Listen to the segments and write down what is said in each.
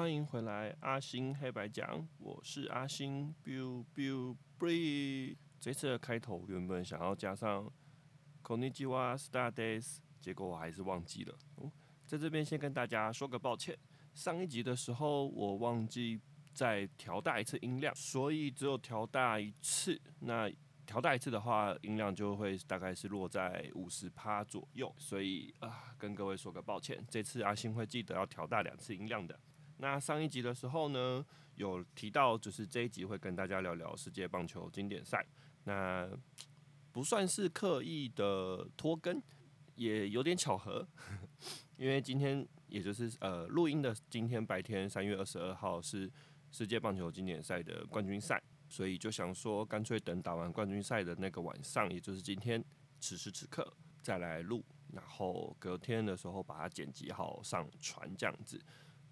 歡迎回來，阿星黑白講。我是阿星，biu biu bii。這次的開頭原本想要加上 Konnichiwa Star Days，結果我還是忘記了。哦，在這邊先跟大家說個抱歉。上一集的時候我忘記再調大一次音量，所以只有調大一次。那調大一次的話，音量就會大概是落在五十趴左右。所以啊，跟各位說個抱歉。這次阿星會記得要調大兩次音量的。那上一集的時候呢，有提到就是這一集會跟大家聊聊世界棒球經典賽。那不算是刻意的拖更，也有點巧合，因為今天也就是呃錄音的今天白天三月二十二號是世界棒球經典賽的冠軍賽，所以就想說乾脆等打完冠軍賽的那個晚上，也就是今天此時此刻再來錄，然後隔天的時候把它剪輯好上傳這樣子。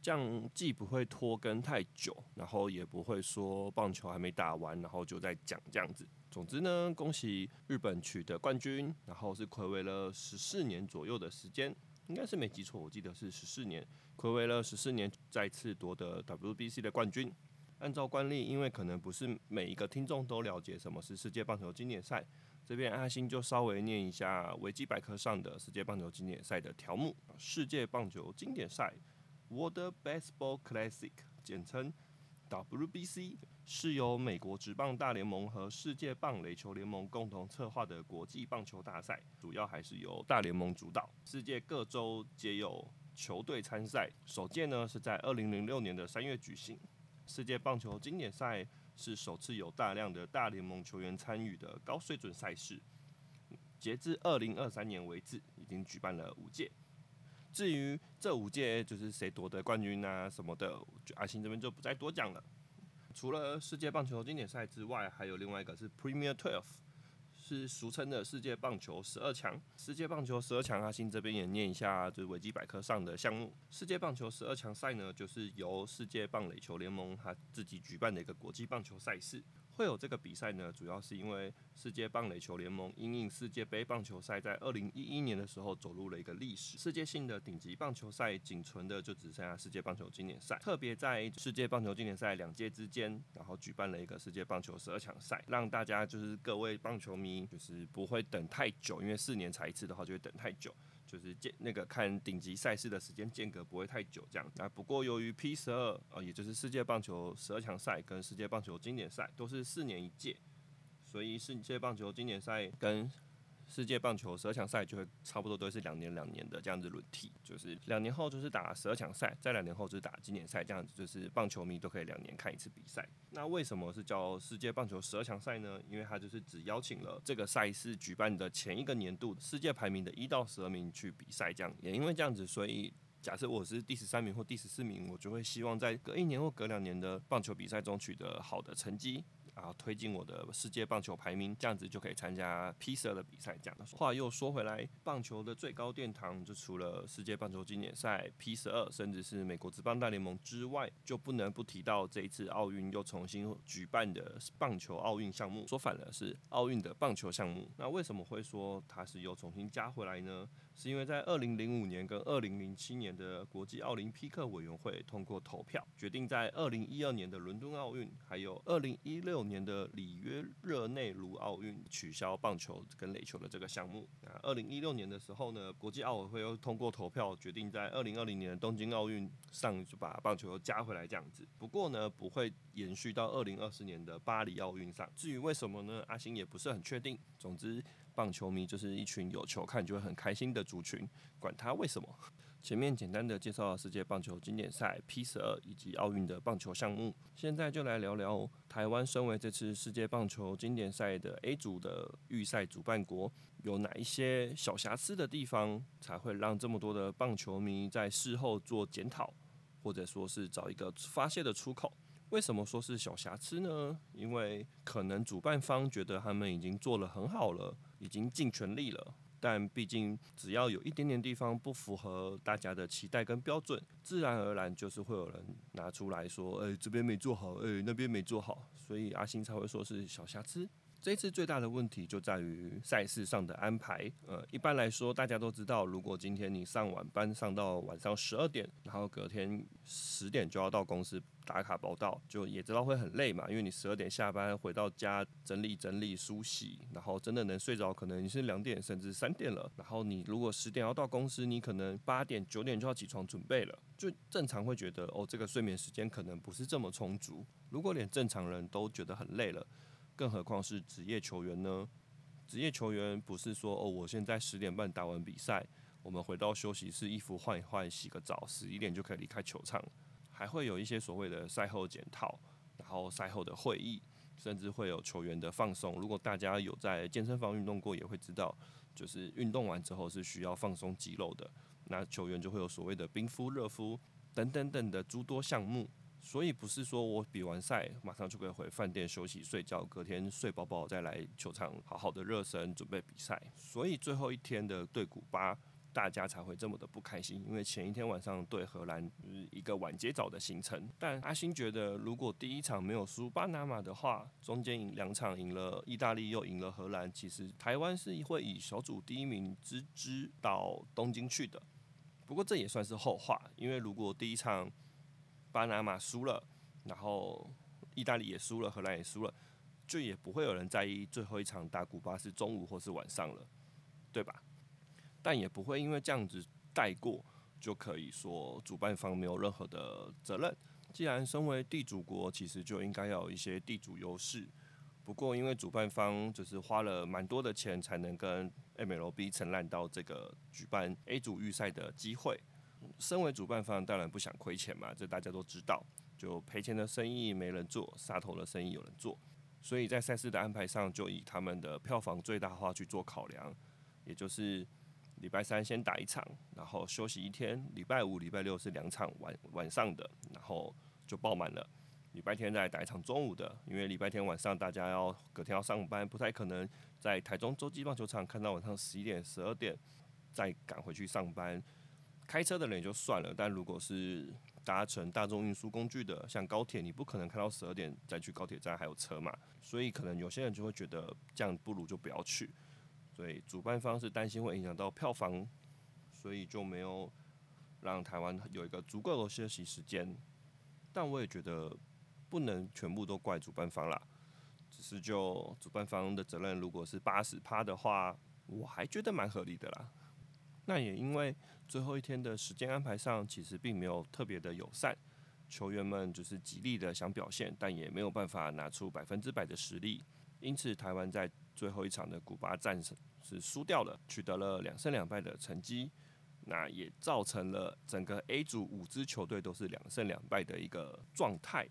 這樣既不會拖更太久，然後也不會說棒球還沒打完，然後就在講這樣子。總之呢，恭喜日本取得冠軍，然後是睽違了十四年左右的時間，應該是沒記錯，我記得是十四年，睽違了十四年，再次奪得 WBC 的冠軍。按照慣例，因為可能不是每一個聽眾都了解什麼是世界棒球經典賽，這邊阿星就稍微念一下維基百科上的世界棒球經典賽的條目：世界棒球經典賽。World Baseball Classic，簡稱 WBC，是由美國職棒大聯盟和世界棒壘球聯盟共同策劃的國際棒球大賽，主要還是由大聯盟主導。世界各洲皆有球隊參賽。首屆呢是在二零零六年的三月舉行。世界棒球經典賽是首次有大量的大聯盟球員參與的高水準賽事。截至二零二三年為止，已經舉辦了五屆。至於這五屆就是誰奪得冠軍啊什麼的，就阿星這邊就不再多講了。除了世界棒球經典賽之外，還有另外一個是 Premier Twelve，是俗稱的世界棒球十二強。世界棒球十二強，阿星這邊也念一下，就是維基百科上的項目。世界棒球十二強賽呢，就是由世界棒壘球聯盟它自己舉辦的一個國際棒球賽事。會有這個比賽呢，主要是因為世界棒壘球聯盟因應世界杯棒球賽在二零一一年的時候走入了一個歷史，世界性的頂級棒球賽僅存的就只剩下世界棒球經典賽。特別在世界棒球經典賽兩屆之間，然後舉辦了一個世界棒球十二強賽，讓大家就是各位棒球迷就是不會等太久，因為四年才一次的話就會等太久。就是間那個看頂級賽事的時間間隔不會太久。這樣，那不過由於 P 十二。啊，也就是世界棒球十二強賽跟世界棒球經典賽都是四年一屆，所以世界棒球經典賽跟、跟世界棒球十二強賽就會差不多都是兩年兩年的這樣子輪替，就是兩年後就是打十二強賽，再兩年後就是打經典賽，這樣子就是棒球迷都可以兩年看一次比賽。那為什麼是叫世界棒球十二強賽呢？因為它就是只邀請了這個賽事舉辦的前一個年度世界排名的一到十二名去比賽，這樣也因為這樣子，所以假設我是第十三名或第十四名，我就會希望在隔一年或隔兩年的棒球比賽中取得好的成績。然後推進我的世界棒球排名，這樣子就可以參加 P 十二的比賽。這樣的話又說回來，棒球的最高殿堂，就除了世界棒球經典賽 P 十二，P12, 甚至是美國職棒大聯盟之外，就不能不提到這一次奧運又重新舉辦的棒球奧運項目。說反了，是奧運的棒球項目。那為什麼會說它是又重新加回來呢？是因為在二零零五年跟二零零七年的國際奧林匹克委員會通過投票，決定在二零一二年的倫敦奧運，還有二零一六。年的里約熱內盧奧運取消棒球跟壘球的這個項目。那二零一六年的時候呢，國際奧委會又通過投票決定在二零二零年的東京奧運上就把棒球加回來這樣子。不過呢，不會延續到二零二四年的巴黎奧運上。至於為什麼呢？阿星也不是很確定。總之，棒球迷就是一群有球看就會很開心的族群，管他為什麼。前面簡單的介紹了世界棒球經典賽 P12 以及奧運的棒球項目，現在就來聊聊台灣身為這次世界棒球經典賽的 A 組的預賽主辦國，有哪一些小瑕疵的地方才會讓這麼多的棒球迷在事後做檢討，或者說是找一個發洩的出口？為什麼說是小瑕疵呢？因為可能主辦方覺得他們已經做得很好了，已經盡全力了。但畢竟，只要有一點點地方不符合大家的期待跟標準，自然而然就是會有人拿出來說：“哎，這邊沒做好，哎，那邊沒做好。”所以阿星才會說是小瑕疵。這一次最大的問題就在於賽事上的安排。呃，一般來說，大家都知道，如果今天你上晚班上到晚上十二點，然後隔天十點就要到公司打卡報到，就也知道會很累嘛。因為你十二點下班回到家整理整理梳洗，然後真的能睡着，可能你是兩點甚至三點了。然後你如果十點要到公司，你可能八點九點就要起床準備了，就正常會覺得哦，這個睡眠時間可能不是這麼充足。如果連正常人都覺得很累了。更何況是職業球員呢？職業球員不是說哦，我現在十點半打完比賽，我們回到休息室，衣服換一換，洗個澡，十一點就可以離開球場。還會有一些所謂的賽後檢討，然後賽後的會議，甚至會有球員的放鬆。如果大家有在健身房運動過，也會知道，就是運動完之後是需要放鬆肌肉的。那球員就會有所謂的冰敷、熱敷等等等的諸多項目。所以不是說我比完賽馬上就可以回飯店休息睡覺，隔天睡飽飽再來球場好好的熱身準備比賽。所以最後一天的對古巴，大家才會這麼的不開心，因為前一天晚上對荷蘭一個晚接早的行程。但阿星覺得，如果第一場沒有輸巴拿馬的話，中間贏兩場，贏了意大利又贏了荷蘭，其實台灣是會以小組第一名之姿到東京去的。不過這也算是後話，因為如果第一場。巴拿馬輸了，然後意大利也輸了，荷蘭也輸了，就也不會有人在意最後一場打古巴是中午或是晚上了，對吧？但也不會因為這樣子帶過，就可以說主辦方沒有任何的責任。既然身為地主國，其實就應該要有一些地主優勢。不過因為主辦方就是花了蠻多的錢，才能跟 MLB 承攬到這個舉辦 A 組預賽的機會。身為主辦方，當然不想虧錢嘛，這大家都知道。就賠錢的生意沒人做，殺頭的生意有人做，所以在賽事的安排上就以他們的票房最大化去做考量，也就是禮拜三先打一場，然後休息一天，禮拜五、禮拜六是兩場晚晚上的，然後就爆滿了。禮拜天再來打一場中午的，因為禮拜天晚上大家要隔天要上班，不太可能在台中洲際棒球場看到晚上十一點、十二點再趕回去上班。開車的人也就算了，但如果是搭乘大眾運輸工具的，像高鐵，你不可能開到十二點再去高鐵站還有車嘛，所以可能有些人就會覺得這樣不如就不要去。所以主辦方是擔心會影響到票房，所以就沒有讓台灣有一個足夠的休息時間。但我也覺得不能全部都怪主辦方啦，只是就主辦方的責任如果是八十趴的話，我還覺得蠻合理的啦。那也因為最後一天的時間安排上，其實並沒有特別的友善，球員們就是極力的想表現，但也沒有辦法拿出百分之百的實力，因此台灣在最後一場的古巴戰勝是輸掉了，取得了兩勝兩敗的成績，那也造成了整個 A 組五支球隊都是兩勝兩敗的一個狀態，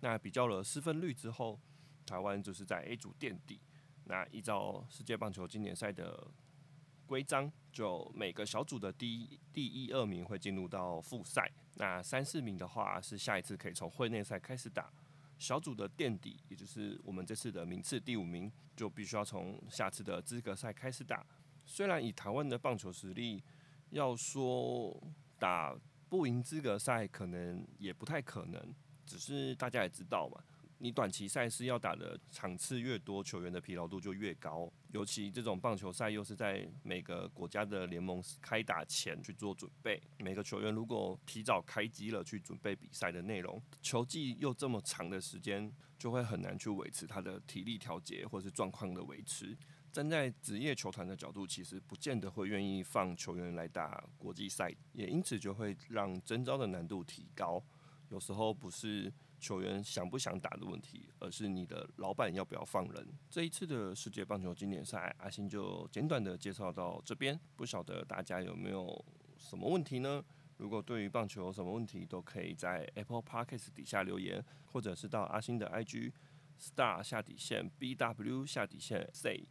那比較了失分率之後，台灣就是在 A 組墊底，那依照世界棒球經典賽的。規章就每個小組的第一、第一二名會進入到複賽，那三四名的話是下一次可以從會內賽開始打。小組的墊底，也就是我們這次的名次第五名，就必須要從下次的資格賽開始打。雖然以台灣的棒球實力，要說打不贏資格賽，可能也不太可能。只是大家也知道嘛。你短期賽事要打的場次越多，球員的疲勞度就越高。尤其這種棒球賽又是在每個國家的聯盟開打前去做準備，每個球員如果提早開機了去準備比賽的內容，球季又這麼長的時間，就會很難去維持他的體力調節或是狀況的維持。站在職業球團的角度，其實不見得會願意放球員來打國際賽，也因此就會讓徵召的難度提高。有時候不是。球員想不想打的問題，而是你的老闆要不要放人。這一次的世界棒球經典賽，阿星就簡短的介紹到這邊。不曉得大家有沒有什麼問題呢？如果對於棒球有什麼問題，都可以在 Apple Podcast 底下留言，或者是到阿星的 IG star 下底線 bw 下底線 say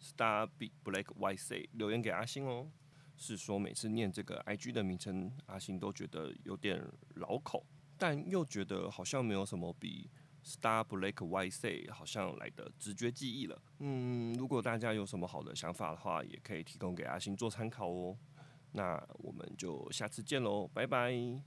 star big black yc 留言給阿星哦。是說每次念這個 IG 的名稱，阿星都覺得有點繞口。但又覺得好像沒有什麼比阿星黑白講好像來的直覺記憶了。嗯，如果大家有什麼好的想法的話，也可以提供給阿星做參考哦。那我們就下次見嘍，拜拜。